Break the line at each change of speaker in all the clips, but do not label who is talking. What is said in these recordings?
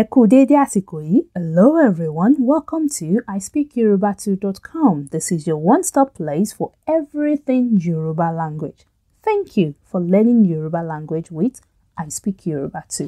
Eko dédé àsìkò Hello everyone, welcome to ispeakyoruba2.com. This is your one-stop place for everything Yoruba language. Thank you for learning Yoruba language with I Speak Yoruba 2.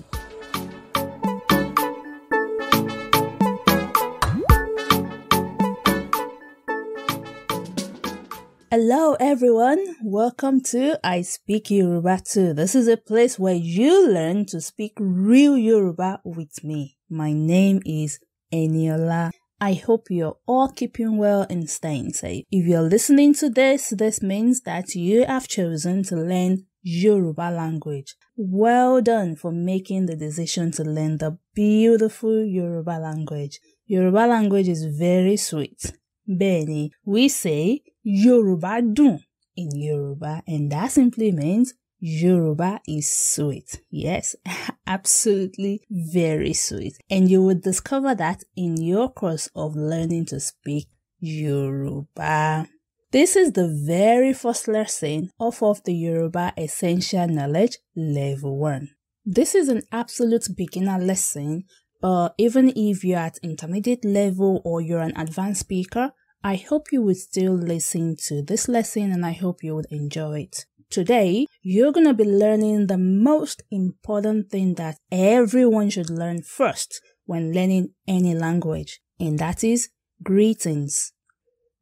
Hello everyone, welcome to I Speak Yoruba Too. This is a place where you learn to speak real Yoruba with me. My name is Eniola. I hope you're all keeping well and staying safe. If you're listening to this, this means that you have chosen to learn Yoruba language. Well done for making the decision to learn the beautiful Yoruba language. Yoruba language is very sweet Benny, We say Yoruba dun in Yoruba, and that simply means Yoruba is sweet. Yes, absolutely very sweet. And you will discover that in your course of learning to speak Yoruba. This is the very first lesson off of the Yoruba Essential Knowledge Level 1. This is an absolute beginner lesson, but uh, even if you're at intermediate level or you're an advanced speaker, I hope you will still listen to this lesson and I hope you would enjoy it. Today, you're going to be learning the most important thing that everyone should learn first when learning any language, and that is greetings.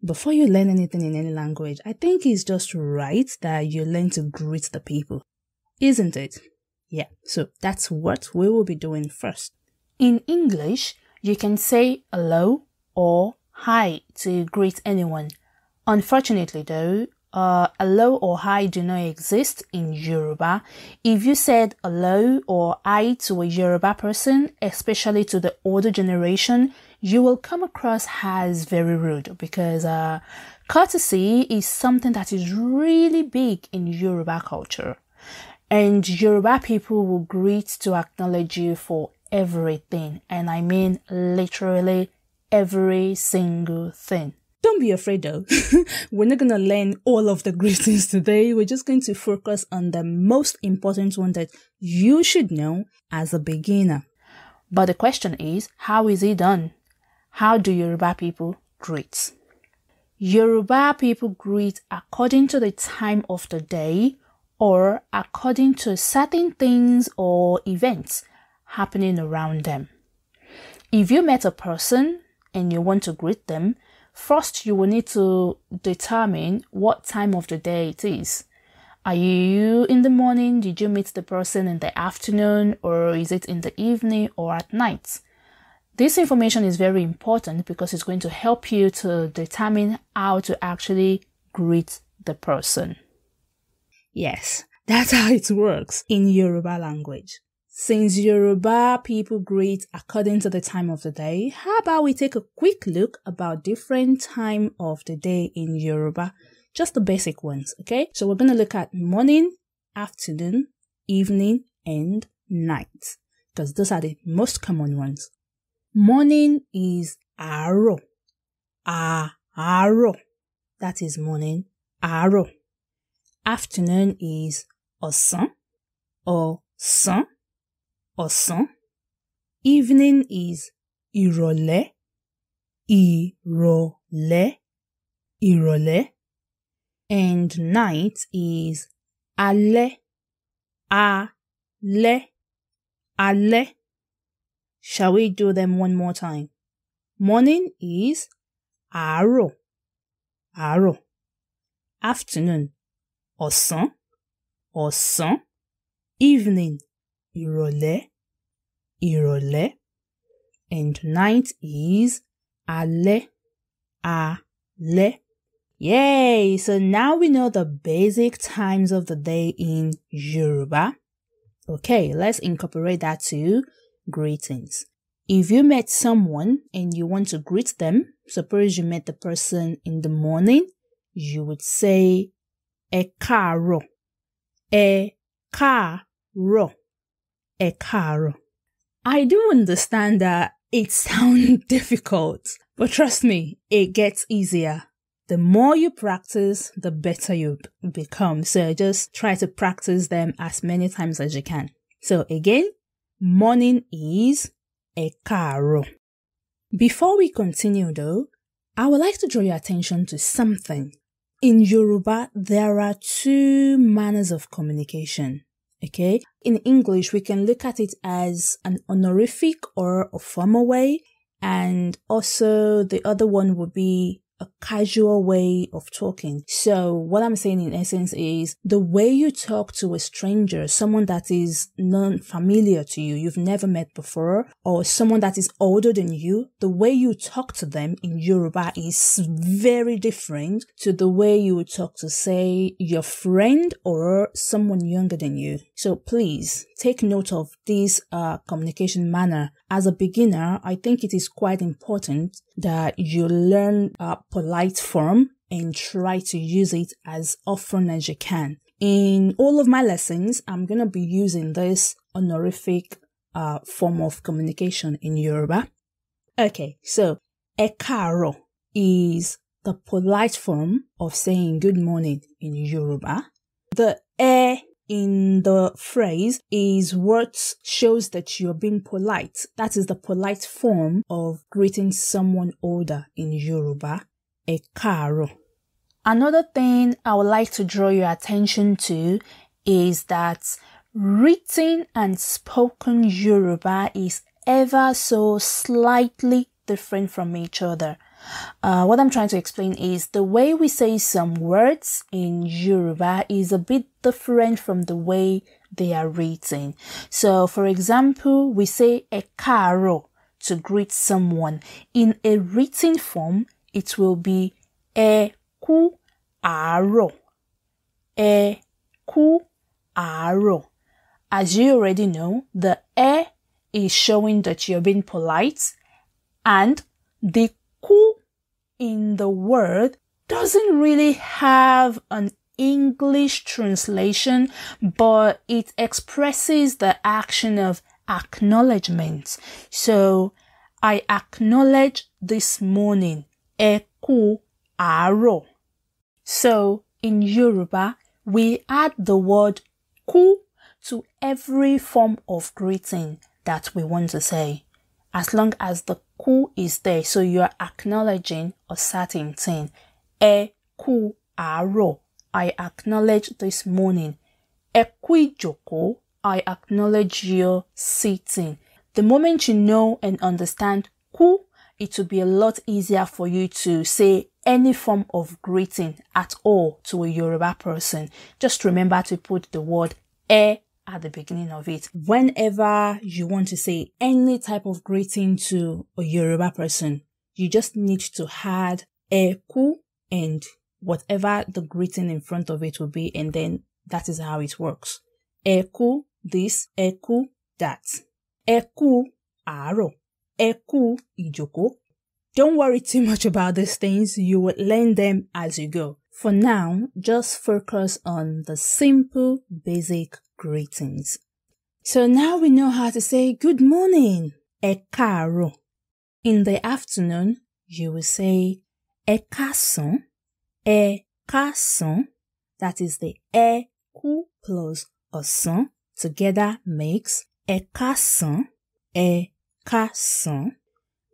Before you learn anything in any language, I think it's just right that you learn to greet the people, isn't it? Yeah, so that's what we will be doing first. In English, you can say hello or hi to greet anyone. Unfortunately, though, uh, hello or hi do not exist in Yoruba. If you said hello or hi to a Yoruba person, especially to the older generation, you will come across as very rude because uh, courtesy is something that is really big in Yoruba culture. And Yoruba people will greet to acknowledge you for everything. And I mean literally every single thing. Don't be afraid though. we're not going to learn all of the greetings today. We're just going to focus on the most important one that you should know as a beginner. But the question is, how is it done? How do Yoruba people greet? Yoruba people greet according to the time of the day or according to certain things or events happening around them. If you met a person and you want to greet them, first you will need to determine what time of the day it is. Are you in the morning? Did you meet the person in the afternoon? Or is it in the evening or at night? This information is very important because it's going to help you to determine how to actually greet the person. Yes, that's how it works in Yoruba language. Since Yoruba people greet according to the time of the day, how about we take a quick look about different time of the day in Yoruba? Just the basic ones, okay? So we're going to look at morning, afternoon, evening, and night because those are the most common ones. Morning is aro. Aro. That is morning. Aro. Afternoon is osan osun. ọ̀sán. Evening is ìrọ̀lẹ́. Ìrọ̀lẹ́. Ìrọ̀lẹ́. And night is alẹ́. Alẹ́. Alẹ́. Shall we do them one more time? Morning is àárọ̀. Àárọ̀. Afternoon. Ọ̀sán. Ọ̀sán. Evening. ìrọ̀lẹ́, ìrọ̀lẹ́. And night is alẹ́, alẹ́. Yay! So now we know the basic times of the day in Yoruba. Okay, let's incorporate that to greetings. If you met someone and you want to greet them, suppose you met the person in the morning, you would say, Ẹ káàárọ̀, Ẹ káàárọ̀ a car. I do understand that it sounds difficult, but trust me, it gets easier. The more you practice, the better you become. So just try to practice them as many times as you can. So again, morning is a caro. Before we continue though, I would like to draw your attention to something. In Yoruba, there are two manners of communication. Okay. In English, we can look at it as an honorific or a formal way. And also the other one would be a casual way of talking. So what I'm saying in essence is the way you talk to a stranger, someone that is non-familiar to you, you've never met before, or someone that is older than you, the way you talk to them in Yoruba is very different to the way you would talk to say your friend or someone younger than you. So please take note of this uh, communication manner. As a beginner, I think it is quite important that you learn a polite form and try to use it as often as you can. In all of my lessons, I'm going to be using this honorific uh, form of communication in Yoruba. Okay, so ekaro is the polite form of saying good morning in Yoruba. The e in the phrase is what shows that you're being polite. That is the polite form of greeting someone older in Yoruba, a karo. Another thing I would like to draw your attention to is that written and spoken Yoruba is ever so slightly different from each other. Uh, what I'm trying to explain is the way we say some words in Yoruba is a bit different from the way they are written. So, for example, we say ekaro to greet someone. In a written form, it will be e ku aro. E aro. As you already know, the e is showing that you're being polite and the in the world doesn't really have an English translation, but it expresses the action of acknowledgement. So I acknowledge this morning. Eku aro. So in Yoruba, we add the word ku to every form of greeting that we want to say as long as the ku is there. So you're acknowledging a certain thing. E ku aro. I acknowledge this morning. E kui joko. I acknowledge your sitting. The moment you know and understand ku, it will be a lot easier for you to say any form of greeting at all to a Yoruba person. Just remember to put the word e at the beginning of it. Whenever you want to say any type of greeting to a Yoruba person, you just need to add eku and whatever the greeting in front of it will be, and then that is how it works. Eku this, eku that. Eku aro, eku ijoko. Don't worry too much about these things, you will learn them as you go. For now, just focus on the simple basic greetings. So now we know how to say good morning, ẹ In the afternoon, you will say ẹ káàsán, ẹ That is the ẹ kú plus ọ̀sán together makes ẹ káàsán, ẹ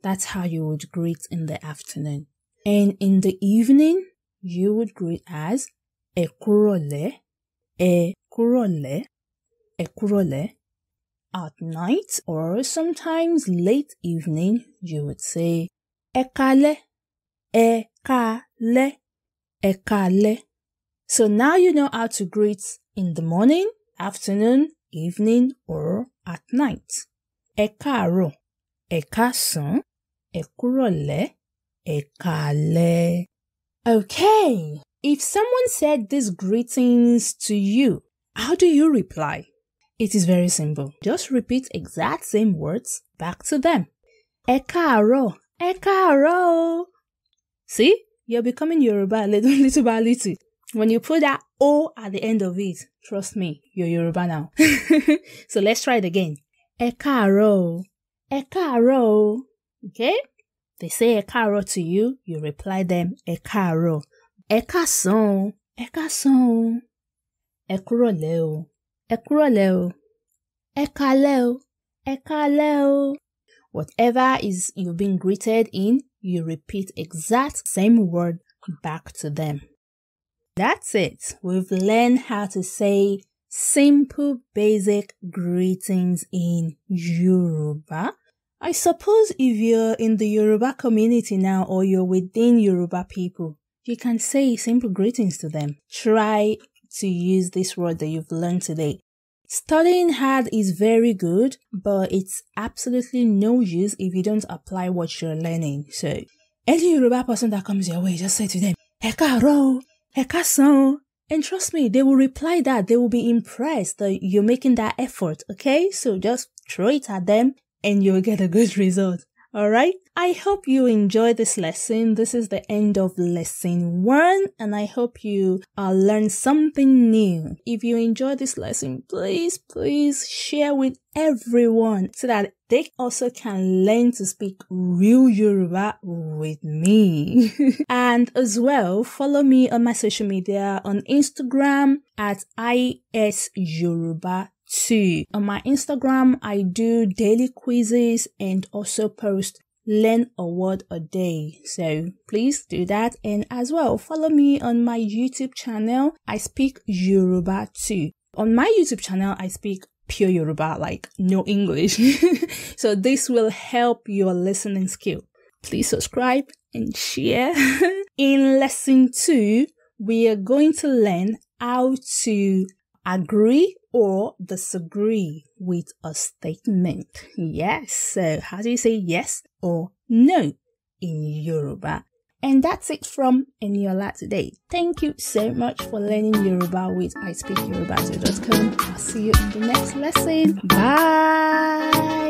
That's how you would greet in the afternoon. And in the evening, you would greet as ẹ kúrọ̀lẹ́, ẹ ekurole at night or sometimes late evening, you would say ekale, ekale, ekale. So now you know how to greet in the morning, afternoon, evening, or at night. Ekaro, ekasan, ekurole, ekale. Okay, if someone said these greetings to you, how do you reply? It is very simple. Just repeat exact same words back to them. Ẹ káàárọ̀, See, you're becoming Yoruba little, little by little. When you put that O at the end of it, trust me, you're Yoruba now. so let's try it again. Ẹ káàárọ̀, Okay? They say Ẹ to you, you reply them Ẹ káàárọ̀. Ẹ káàsán, Ẹ ẹ kúrọ̀lẹ́ o ẹ kálẹ́ o o. Whatever is you've been greeted in, you repeat exact same word back to them. That's it. We've learned how to say simple basic greetings in Yoruba. I suppose if you're in the Yoruba community now or you're within Yoruba people, you can say simple greetings to them. Try to use this word that you've learned today. Studying hard is very good, but it's absolutely no use if you don't apply what you're learning. So, any Yoruba person that comes your way, just say to them, eka Hekason. And trust me, they will reply that. They will be impressed that you're making that effort, okay? So just throw it at them and you'll get a good result. Alright, I hope you enjoy this lesson. This is the end of lesson one and I hope you uh, learn something new. If you enjoy this lesson, please, please share with everyone so that they also can learn to speak real Yoruba with me. and as well, follow me on my social media on Instagram at IS Yoruba too. On my Instagram, I do daily quizzes and also post learn a word a day. So please do that. And as well, follow me on my YouTube channel. I speak Yoruba too. On my YouTube channel, I speak pure Yoruba, like no English. so this will help your listening skill. Please subscribe and share. In lesson two, we are going to learn how to agree or disagree with a statement. Yes. So how do you say yes or no in Yoruba? And that's it from Eniola today. Thank you so much for learning Yoruba with iSpeakYoruba.com. I'll see you in the next lesson. Bye.